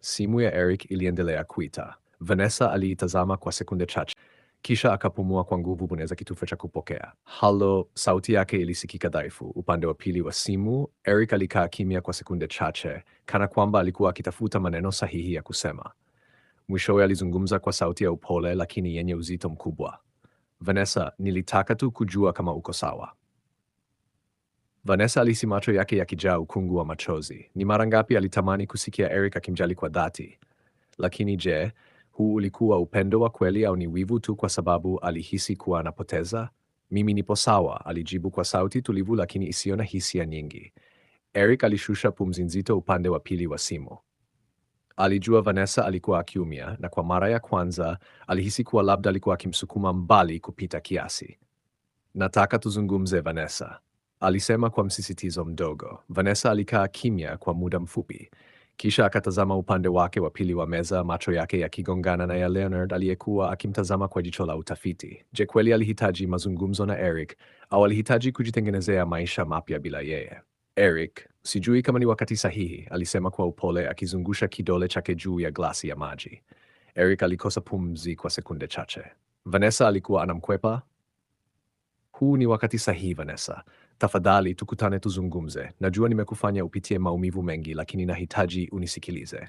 Simu ya Eric iliendelea kuita. Vanessa aliitazama kwa sekunde chache, kisha akapumua kwa nguvu bonyeza kitufe cha kupokea. Halo, sauti yake ilisikika dhaifu upande wa pili wa simu. Eric alikaa kimya kwa sekunde chache, kana kwamba alikuwa akitafuta maneno sahihi ya kusema. Mwishowe alizungumza kwa sauti ya upole lakini yenye uzito mkubwa. Vanessa, nilitaka tu kujua kama uko sawa. Vanessa alihisi macho yake yakijaa ukungu wa machozi. Ni mara ngapi alitamani kusikia Eric akimjali kwa dhati? Lakini je, huu ulikuwa upendo wa kweli au ni wivu tu kwa sababu alihisi kuwa anapoteza? Mimi nipo sawa, alijibu kwa sauti tulivu lakini isiyo na hisia nyingi. Eric alishusha pumzi nzito upande wa pili wa simu. Alijua Vanessa alikuwa akiumia na kwa mara ya kwanza alihisi kuwa labda alikuwa akimsukuma mbali kupita kiasi. Nataka tuzungumze Vanessa alisema kwa msisitizo mdogo. Vanessa alikaa kimya kwa muda mfupi, kisha akatazama upande wake wa pili wa meza, macho yake yakigongana na ya Leonard aliyekuwa akimtazama kwa jicho la utafiti. Je, kweli alihitaji mazungumzo na Eric au alihitaji kujitengenezea maisha mapya bila yeye? Eric, sijui kama ni wakati sahihi, alisema kwa upole, akizungusha kidole chake juu ya glasi ya maji. Eric alikosa pumzi kwa sekunde chache. Vanessa alikuwa anamkwepa. Huu ni wakati sahihi, Vanessa. Tafadhali tukutane tuzungumze. Najua nimekufanya upitie maumivu mengi, lakini nahitaji unisikilize.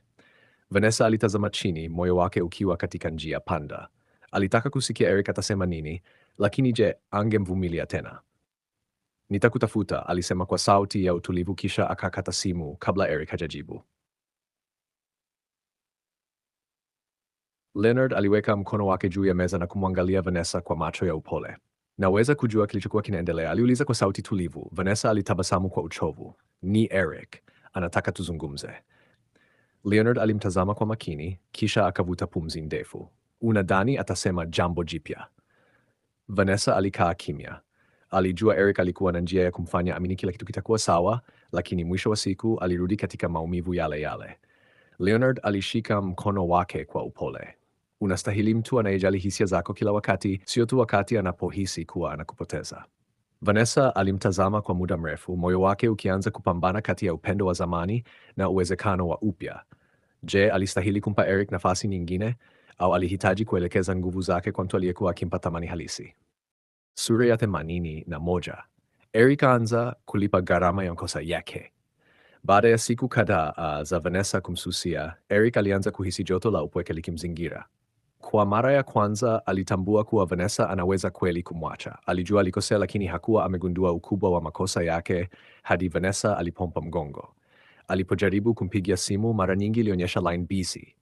Vanessa alitazama chini, moyo wake ukiwa katika njia panda. Alitaka kusikia Eric atasema nini, lakini je, angemvumilia tena? Nitakutafuta, alisema kwa sauti ya utulivu, kisha akakata simu kabla Eric hajajibu. Leonard aliweka mkono wake juu ya meza na kumwangalia Vanessa kwa macho ya upole. Naweza kujua kilichokuwa kinaendelea, aliuliza kwa sauti tulivu. Vanessa alitabasamu kwa uchovu. Ni Eric, anataka tuzungumze. Leonard alimtazama kwa makini, kisha akavuta pumzi ndefu. Unadhani atasema jambo jipya? Vanessa alikaa kimya. Alijua Eric alikuwa na njia ya kumfanya amini kila kitu kitakuwa sawa, lakini mwisho wa siku alirudi katika maumivu yale yale. Leonard alishika mkono wake kwa upole. Unastahili mtu anayejali hisia zako kila wakati, sio tu wakati anapohisi kuwa anakupoteza. Vanessa alimtazama kwa muda mrefu, moyo wake ukianza kupambana kati ya upendo wa zamani na uwezekano wa upya. Je, alistahili kumpa Eric nafasi nyingine au alihitaji kuelekeza nguvu zake kwa mtu aliyekuwa akimpa thamani halisi? Sura ya themanini na moja. Eric anza kulipa gharama ya makosa yake. Baada ya siku kadhaa uh, za Vanessa kumsusia, Eric alianza kuhisi joto la upweke likimzingira. Kwa mara ya kwanza alitambua kuwa Vanessa anaweza kweli kumwacha. Alijua alikosea, lakini hakuwa amegundua ukubwa wa makosa yake hadi Vanessa alipompa mgongo. Alipojaribu kumpigia simu mara nyingi ilionyesha line busy.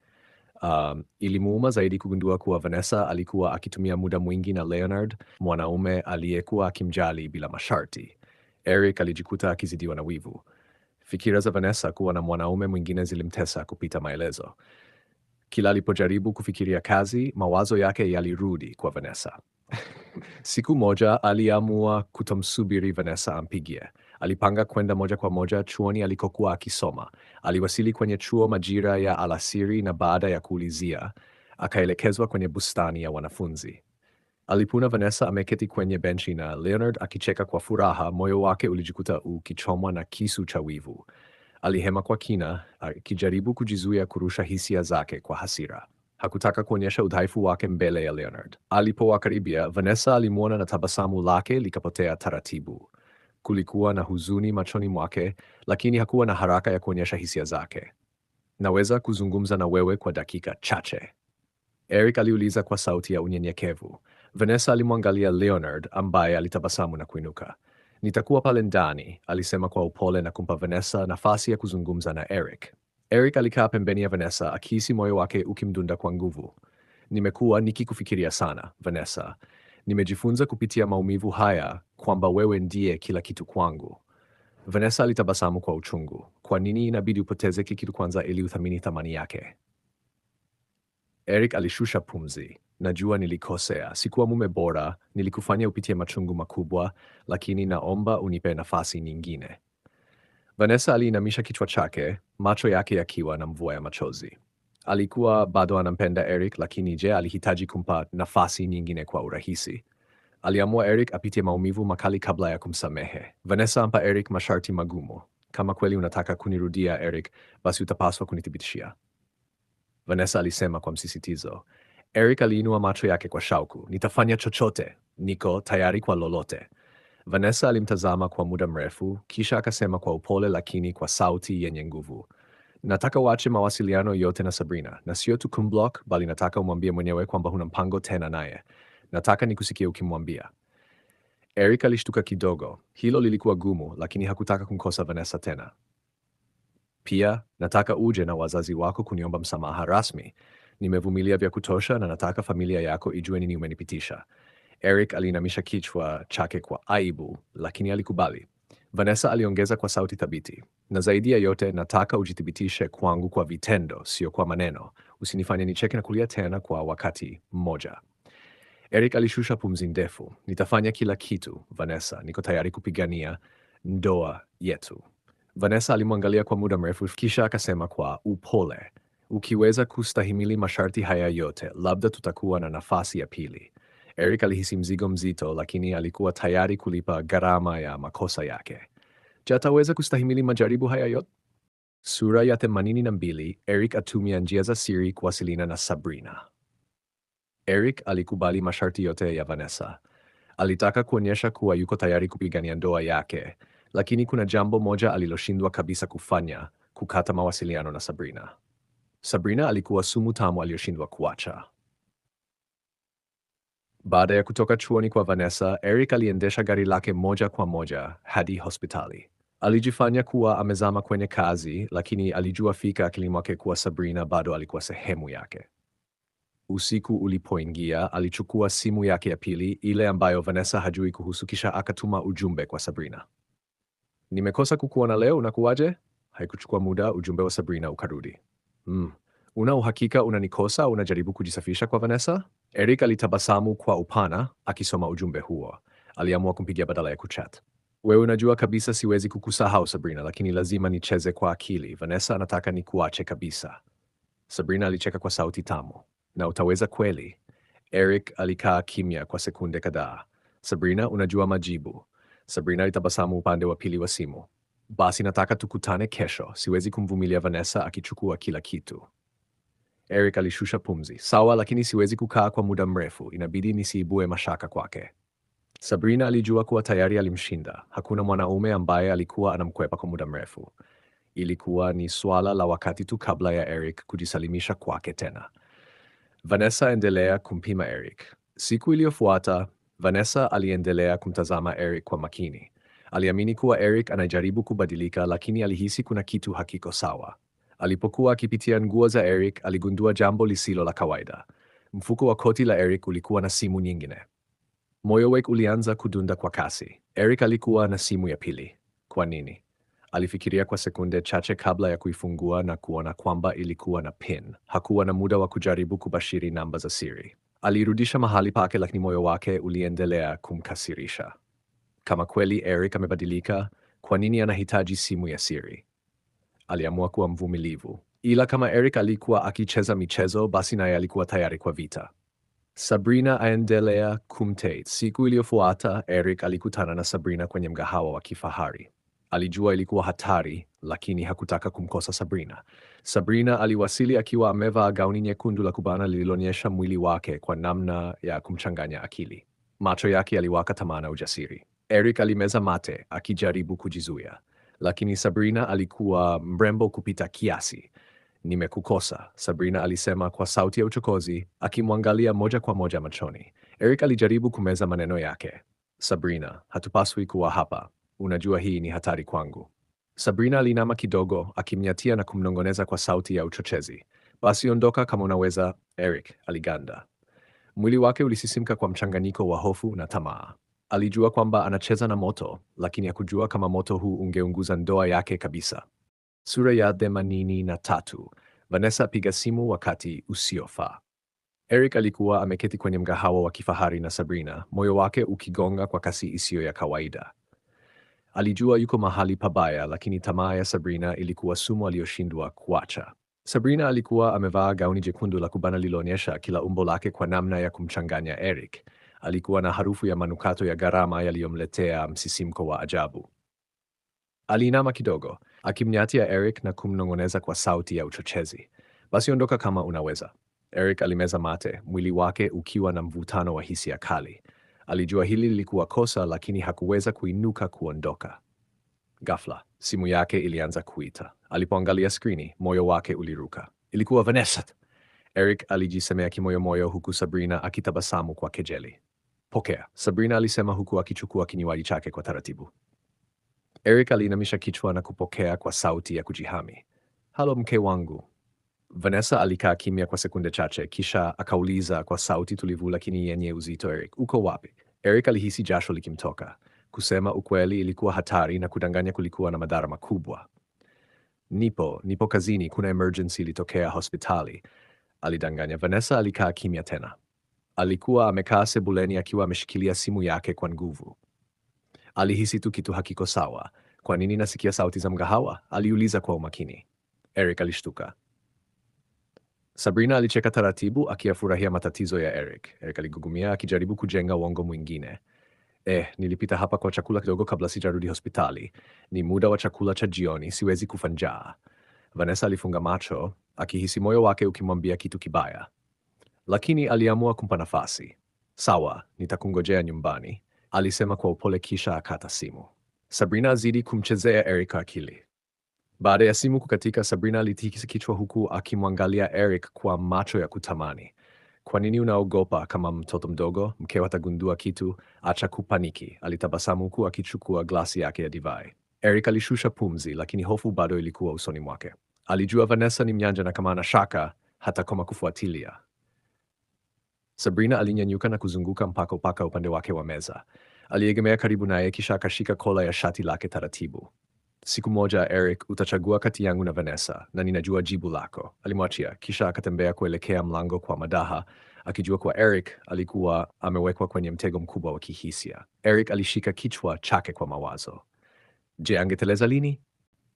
Um, ilimuuma zaidi kugundua kuwa Vanessa alikuwa akitumia muda mwingi na Leonard, mwanaume aliyekuwa akimjali bila masharti. Eric alijikuta akizidiwa na wivu. Fikira za Vanessa kuwa na mwanaume mwingine zilimtesa kupita maelezo. Kila alipojaribu kufikiria kazi, mawazo yake yalirudi kwa Vanessa. Siku moja aliamua kutomsubiri Vanessa ampigie. Alipanga kwenda moja kwa moja chuoni alikokuwa akisoma. Aliwasili kwenye chuo majira ya alasiri, na baada ya kuulizia akaelekezwa kwenye bustani ya wanafunzi. Alipuna Vanessa ameketi kwenye benchi na Leonard akicheka kwa furaha. Moyo wake ulijikuta ukichomwa na kisu cha wivu. Alihema kwa kina, akijaribu kujizuia kurusha hisia zake kwa hasira. Hakutaka kuonyesha udhaifu wake mbele ya Leonard. Alipowakaribia, Vanessa alimwona na tabasamu lake likapotea taratibu. Kulikuwa na huzuni machoni mwake, lakini hakuwa na haraka ya kuonyesha hisia zake. Naweza kuzungumza na wewe kwa dakika chache? Eric aliuliza kwa sauti ya unyenyekevu. Vanessa alimwangalia Leonard ambaye alitabasamu na kuinuka. Nitakuwa pale ndani, alisema kwa upole na kumpa Vanessa nafasi ya kuzungumza na Eric. Eric alikaa pembeni ya Vanessa akihisi moyo wake ukimdunda kwa nguvu. Nimekuwa nikikufikiria sana, Vanessa. Nimejifunza kupitia maumivu haya kwamba wewe ndiye kila kitu kwangu. Vanessa alitabasamu kwa uchungu. Kwa nini inabidi upoteze kikitu kwanza ili uthamini thamani yake? Eric alishusha pumzi. Najua nilikosea, sikuwa mume bora, nilikufanya upitie machungu makubwa, lakini naomba unipe nafasi nyingine. Vanessa aliinamisha kichwa chake, macho yake yakiwa na mvua ya machozi. Alikuwa bado anampenda Eric, lakini je, alihitaji kumpa nafasi nyingine kwa urahisi? Aliamua Eric apitie maumivu makali kabla ya kumsamehe. Vanessa ampa Eric masharti magumu. Kama kweli unataka kunirudia Eric, basi utapaswa kunithibitishia, Vanessa alisema kwa msisitizo. Eric aliinua macho yake kwa shauku. Nitafanya chochote, niko tayari kwa lolote. Vanessa alimtazama kwa muda mrefu, kisha akasema kwa upole lakini kwa sauti yenye nguvu, nataka uache mawasiliano yote na Sabrina, na sio tu kumblock, bali nataka umwambie mwenyewe kwamba huna mpango tena naye. Nataka nikusikie ukimwambia. Eric alishtuka kidogo. Hilo lilikuwa gumu, lakini hakutaka kumkosa Vanessa tena. Pia nataka uje na wazazi wako kuniomba msamaha rasmi nimevumilia vya kutosha na nataka familia yako ijue nini umenipitisha. Eric aliinamisha kichwa chake kwa aibu, lakini alikubali. Vanessa aliongeza kwa sauti thabiti, na zaidi ya yote nataka ujithibitishe kwangu kwa vitendo, sio kwa maneno. Usinifanye nicheke na kulia tena kwa wakati mmoja. Eric alishusha pumzi ndefu. Nitafanya kila kitu Vanessa, niko tayari kupigania ndoa yetu. Vanessa alimwangalia kwa muda mrefu, kisha akasema kwa upole, ukiweza kustahimili masharti haya yote, labda tutakuwa na nafasi ya pili. Eric alihisi mzigo mzito, lakini alikuwa tayari kulipa gharama ya makosa yake. Je, ataweza kustahimili majaribu haya yote? Sura ya themanini na mbili. Eric atumia njia za siri kuwasilina na Sabrina. Eric alikubali masharti yote ya Vanessa. Alitaka kuonyesha kuwa yuko tayari kupigania ndoa yake, lakini kuna jambo moja aliloshindwa kabisa kufanya: kukata mawasiliano na Sabrina. Sabrina alikuwa sumu tamu aliyoshindwa kuacha. Baada ya kutoka chuoni kwa Vanessa, Eric aliendesha gari lake moja kwa moja hadi hospitali. Alijifanya kuwa amezama kwenye kazi, lakini alijua fika akilini mwake kuwa Sabrina bado alikuwa sehemu yake. Usiku ulipoingia, alichukua simu yake ya pili, ile ambayo Vanessa hajui kuhusu, kisha akatuma ujumbe kwa Sabrina. Nimekosa kukuona leo, unakuwaje? Haikuchukua muda, ujumbe wa Sabrina ukarudi. Mm. Una uhakika unanikosa unajaribu kujisafisha kwa Vanessa? Eric alitabasamu kwa upana akisoma ujumbe huo. Aliamua kumpigia badala ya kuchat. Wewe unajua kabisa siwezi kukusahau Sabrina, lakini lazima nicheze kwa akili. Vanessa anataka nikuache kabisa. Sabrina alicheka kwa sauti tamu. Na utaweza kweli? Eric alikaa kimya kwa sekunde kadhaa. Sabrina, unajua majibu. Sabrina alitabasamu upande wa pili wa simu. Basi nataka tukutane kesho, siwezi kumvumilia Vanessa akichukua kila kitu. Eric alishusha pumzi. Sawa, lakini siwezi kukaa kwa muda mrefu, inabidi nisiibue mashaka kwake. Sabrina alijua kuwa tayari alimshinda. Hakuna mwanaume ambaye alikuwa anamkwepa kwa muda mrefu. Ilikuwa ni swala la wakati tu kabla ya Eric kujisalimisha kwake tena. Vanessa endelea kumpima Eric. Siku iliyofuata, Vanessa aliendelea kumtazama Eric kwa makini. Aliamini kuwa Eric anajaribu kubadilika, lakini alihisi kuna kitu hakiko sawa. Alipokuwa akipitia nguo za Eric, aligundua jambo lisilo la kawaida. Mfuko wa koti la Eric ulikuwa na simu nyingine. Moyo wake ulianza kudunda kwa kasi. Eric alikuwa na simu ya pili. Kwa nini? Alifikiria kwa sekunde chache kabla ya kuifungua na kuona kwamba ilikuwa na pin. Hakuwa na muda wa kujaribu kubashiri namba za siri. Alirudisha mahali pake, lakini moyo wake uliendelea kumkasirisha kama kweli Eric amebadilika, kwa nini anahitaji simu ya siri? Aliamua kuwa mvumilivu, ila kama Eric alikuwa akicheza michezo, basi naye alikuwa tayari kwa vita. Sabrina aendelea kumte. Siku iliyofuata Eric alikutana na Sabrina kwenye mgahawa wa kifahari. Alijua ilikuwa hatari, lakini hakutaka kumkosa Sabrina. Sabrina aliwasili akiwa amevaa gauni nyekundu la kubana lililoonyesha mwili wake kwa namna ya kumchanganya akili. Macho yake yaliwaka tamaa na ujasiri. Eric alimeza mate akijaribu kujizuia, lakini Sabrina alikuwa mrembo kupita kiasi. Nimekukosa, Sabrina alisema kwa sauti ya uchokozi, akimwangalia moja kwa moja machoni. Eric alijaribu kumeza maneno yake. Sabrina, hatupaswi kuwa hapa, unajua hii ni hatari kwangu. Sabrina alinama kidogo, akimnyatia na kumnongoneza kwa sauti ya uchochezi, basi ondoka kama unaweza. Eric aliganda, mwili wake ulisisimka kwa mchanganyiko wa hofu na tamaa alijua kwamba anacheza na moto, lakini hakujua kama moto huu ungeunguza ndoa yake kabisa. Sura ya themanini na tatu. Vanessa apiga simu wakati usiofaa. Eric alikuwa ameketi kwenye mgahawa wa kifahari na Sabrina, moyo wake ukigonga kwa kasi isiyo ya kawaida. Alijua yuko mahali pabaya, lakini tamaa ya Sabrina ilikuwa sumu aliyoshindwa kuacha. Sabrina alikuwa amevaa gauni jekundu la kubana lililoonyesha kila umbo lake kwa namna ya kumchanganya Eric alikuwa na harufu ya manukato ya gharama yaliyomletea msisimko wa ajabu. Aliinama kidogo, akimnyatia Eric na kumnong'oneza kwa sauti ya uchochezi, basi ondoka kama unaweza. Eric alimeza mate, mwili wake ukiwa na mvutano wa hisia kali. Alijua hili lilikuwa kosa, lakini hakuweza kuinuka kuondoka. Ghafla simu yake ilianza kuita. Alipoangalia skrini, moyo wake uliruka. Ilikuwa Vanessa. Eric alijisemea kimoyomoyo, huku Sabrina akitabasamu kwa kejeli. Pokea, Sabrina alisema huku akichukua kinywaji chake kwa taratibu. Eric aliinamisha kichwa na kupokea kwa sauti ya kujihami. Halo mke wangu. Vanessa alikaa kimya kwa sekunde chache, kisha akauliza kwa sauti tulivu lakini yenye uzito, Eric, uko wapi? Eric alihisi jasho likimtoka. Kusema ukweli ilikuwa hatari na kudanganya kulikuwa na madhara makubwa. Nipo, nipo kazini, kuna emergency ilitokea hospitali, alidanganya. Vanessa alikaa kimya tena. Alikuwa amekaa sebuleni akiwa ameshikilia simu yake kwa nguvu. Alihisi tu kitu hakiko sawa. Kwa nini nasikia sauti za mgahawa? Aliuliza kwa umakini. Eric alishtuka. Sabrina alicheka taratibu akiyafurahia matatizo ya Eric. Eric aligugumia akijaribu kujenga uongo mwingine. Eh, nilipita hapa kwa chakula kidogo kabla sijarudi hospitali. Ni muda wa chakula cha jioni, siwezi kufa njaa. Vanessa alifunga macho akihisi moyo wake ukimwambia kitu kibaya lakini aliamua kumpa nafasi. Sawa, nitakungojea nyumbani, alisema kwa upole, kisha akata simu. Sabrina azidi kumchezea Eric akili. Baada ya simu kukatika, Sabrina alitikisa kichwa huku akimwangalia Eric kwa macho ya kutamani. Kwa nini unaogopa? Kama mtoto mdogo, mkeo atagundua kitu. Acha kupaniki, alitabasamu huku akichukua glasi yake ya divai. Eric alishusha pumzi, lakini hofu bado ilikuwa usoni mwake. Alijua Vanessa ni mnyanja na kama ana shaka hatakoma kufuatilia. Sabrina alinyanyuka na kuzunguka mpaka upaka upande wake wa meza. Aliegemea karibu naye kisha akashika kola ya shati lake taratibu. Siku moja, Eric, utachagua kati yangu na Vanessa na ninajua jibu lako, alimwachia kisha akatembea kuelekea mlango kwa madaha, akijua kuwa Eric alikuwa amewekwa kwenye mtego mkubwa wa kihisia. Eric alishika kichwa chake kwa mawazo. Je, angeteleza lini?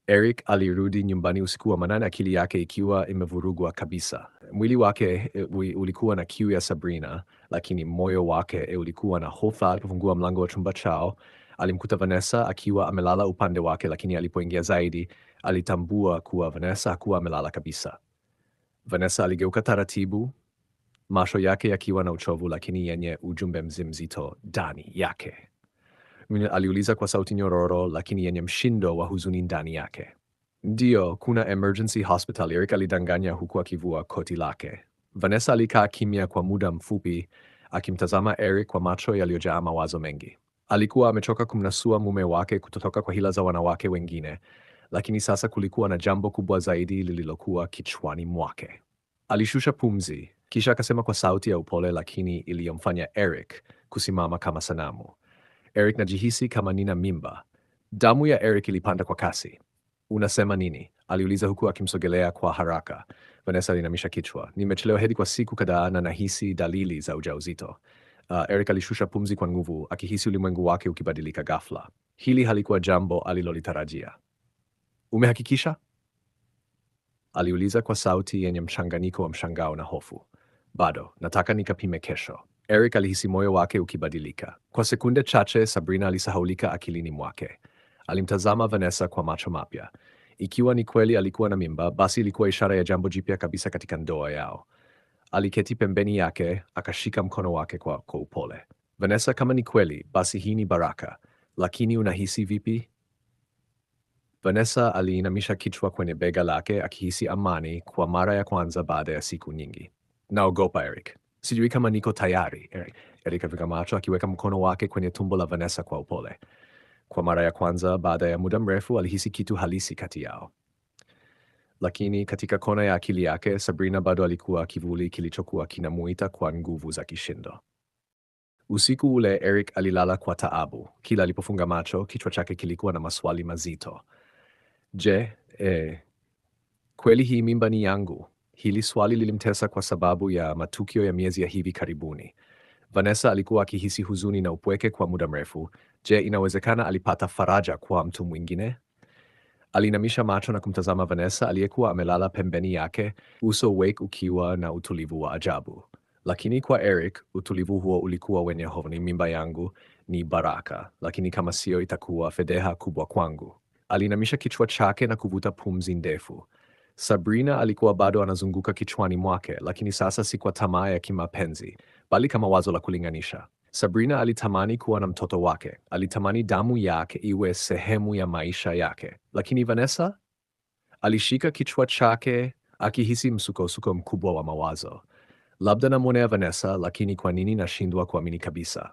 Eric alirudi nyumbani usiku wa manane, akili yake ikiwa imevurugwa kabisa. Mwili wake e, ulikuwa na kiu ya Sabrina, lakini moyo wake e, ulikuwa na hofu. Alipofungua mlango wa chumba chao, alimkuta Vanessa akiwa amelala upande wake, lakini alipoingia zaidi, alitambua kuwa Vanessa hakuwa amelala kabisa. Vanessa aligeuka taratibu, macho yake yakiwa na uchovu, lakini yenye ujumbe mzito ndani yake aliuliza kwa sauti nyororo lakini yenye mshindo wa huzuni ndani yake. Ndiyo, kuna emergency hospital, Eric alidanganya huku akivua koti lake. Vanessa alikaa kimya kwa muda mfupi akimtazama Eric kwa macho yaliyojaa mawazo mengi. Alikuwa amechoka kumnasua mume wake kutotoka kwa hila za wanawake wengine, lakini sasa kulikuwa na jambo kubwa zaidi lililokuwa kichwani mwake. Alishusha pumzi, kisha akasema kwa sauti ya upole lakini iliyomfanya Eric kusimama kama sanamu. Eric najihisi kama nina mimba. Damu ya Eric ilipanda kwa kasi. Unasema nini? aliuliza huku akimsogelea kwa haraka. Vanessa alinamisha kichwa. Nimechelewa hedhi kwa siku kadhaa na nahisi dalili za ujauzito. Uh, Eric alishusha pumzi kwa nguvu, akihisi ulimwengu wake ukibadilika ghafla. Hili halikuwa jambo alilolitarajia. Umehakikisha? aliuliza kwa sauti yenye mchanganyiko wa mshangao na hofu. Bado nataka nikapime kesho. Eric alihisi moyo wake ukibadilika. Kwa sekunde chache, Sabrina alisahaulika akilini mwake. Alimtazama Vanessa kwa macho mapya. Ikiwa ni kweli alikuwa na mimba, basi ilikuwa ishara ya jambo jipya kabisa katika ndoa yao. Aliketi pembeni yake, akashika mkono wake kwa, kwa upole. Vanessa, kama ni kweli, basi hii ni baraka, lakini unahisi vipi? Vanessa aliinamisha kichwa kwenye bega lake akihisi amani kwa mara ya kwanza baada ya siku nyingi. Naogopa Eric, sijui kama niko tayari. Erika Vigamacho akiweka mkono wake kwenye tumbo la Vanessa kwa upole. Kwa mara ya kwanza baada ya muda mrefu alihisi kitu halisi kati yao, lakini katika kona ya akili yake Sabrina bado alikuwa kivuli kilichokuwa kinamuita kwa nguvu za kishindo. Usiku ule Eric alilala kwa taabu. Kila alipofunga macho, kichwa chake kilikuwa na maswali mazito. Je, eh, kweli hii mimba ni yangu? Hili swali lilimtesa kwa sababu ya matukio ya miezi ya hivi karibuni. Vanessa alikuwa akihisi huzuni na upweke kwa muda mrefu. Je, inawezekana alipata faraja kwa mtu mwingine? Alinamisha macho na kumtazama Vanessa aliyekuwa amelala pembeni yake, uso wake ukiwa na utulivu wa ajabu. Lakini kwa Eric, utulivu huo ulikuwa wenye honi. Mimba yangu ni baraka, lakini kama sio itakuwa fedheha kubwa kwangu. Alinamisha kichwa chake na kuvuta pumzi ndefu. Sabrina alikuwa bado anazunguka kichwani mwake, lakini sasa si kwa tamaa ya kimapenzi, bali kama wazo la kulinganisha. Sabrina alitamani kuwa na mtoto wake, alitamani damu yake iwe sehemu ya maisha yake. Lakini Vanessa alishika kichwa chake akihisi msukosuko mkubwa wa mawazo. Labda namwonea Vanessa, lakini kwa nini nashindwa kuamini kabisa?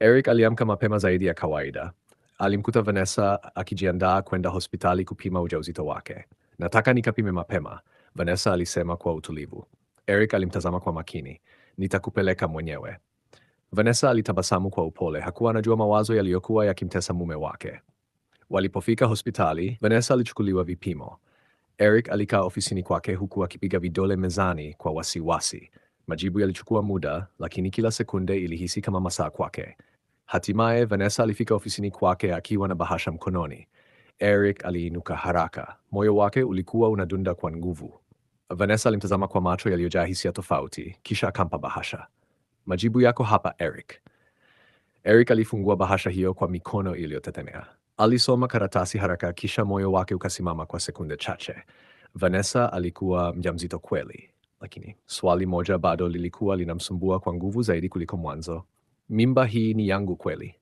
Eric aliamka mapema zaidi ya kawaida alimkuta Vanessa akijiandaa kwenda hospitali kupima ujauzito wake. Nataka nikapime mapema, Vanessa alisema kwa utulivu. Eric alimtazama kwa makini. Nitakupeleka mwenyewe. Vanessa alitabasamu kwa upole, hakuwa anajua mawazo yaliyokuwa yakimtesa mume wake. Walipofika hospitali, Vanessa alichukuliwa vipimo. Eric alikaa ofisini kwake huku akipiga vidole mezani kwa wasiwasi. Majibu yalichukua muda, lakini kila sekunde ilihisi kama masaa kwake. Hatimaye Vanessa alifika ofisini kwake akiwa na bahasha mkononi. Eric aliinuka haraka, moyo wake ulikuwa unadunda kwa nguvu. Vanessa alimtazama kwa macho yaliyojaa hisia tofauti, kisha akampa bahasha. Majibu yako hapa, Eric. Eric alifungua bahasha hiyo kwa mikono iliyotetemea. Alisoma karatasi haraka, kisha moyo wake ukasimama kwa sekunde chache. Vanessa alikuwa mjamzito kweli, lakini swali moja bado lilikuwa linamsumbua kwa nguvu zaidi kuliko mwanzo mimba hii ni yangu kweli.